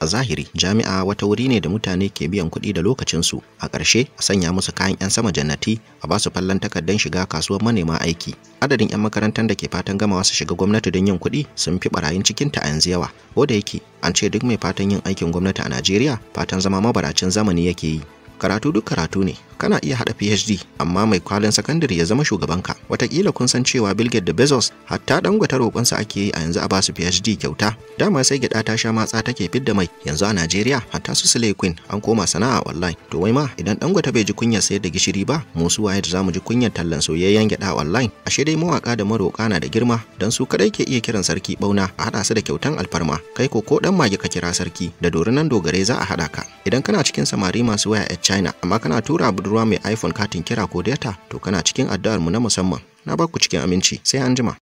A zahiri, jami'a wata wuri ne da mutane ke biyan kuɗi da lokacinsu, a ƙarshe a sanya musu kayan 'yan sama jannati a basu fallon takardar shiga kasuwar manema aiki. Adadin 'yan makarantar da ke fatan gamawa su shiga gwamnati don yin kuɗi sun fi barayin cikin ta yanzu yawa. Ko da yake, an ce duk mai fatan yin aikin gwamnati a Najeriya fatan zama mabaracin zamani yake yi. Karatu duk karatu ne, kana iya haɗa PhD amma mai kwalin sakandare ya zama shugabanka. Watakila kun san cewa Bill Gates da Bezos hatta dangwata roƙonsa ake yi a yanzu a basu PhD kyauta. Dama sai gyaɗa ta sha matsa take fidda mai yanzu a Najeriya hatta su Sule Queen an koma sana'a online. To wai ma idan dangwata bai ji kunyar sayar da gishiri ba mu su waye da zamu ji kunyar tallan soyayyen gyaɗa online. Ashe dai mawaka da maroƙa na da girma dan su kadai ke iya kiran sarki bauna a haɗa su da kyautan alfarma. Kai ko ko dan mage ka kira sarki da dorinan dogare za a haɗa ka. Idan kana cikin samari masu waya a China amma kana tura budurwa ruwa mai iphone katin kira ko data to kana cikin addu'ar mu na musamman na baku cikin aminci sai an jima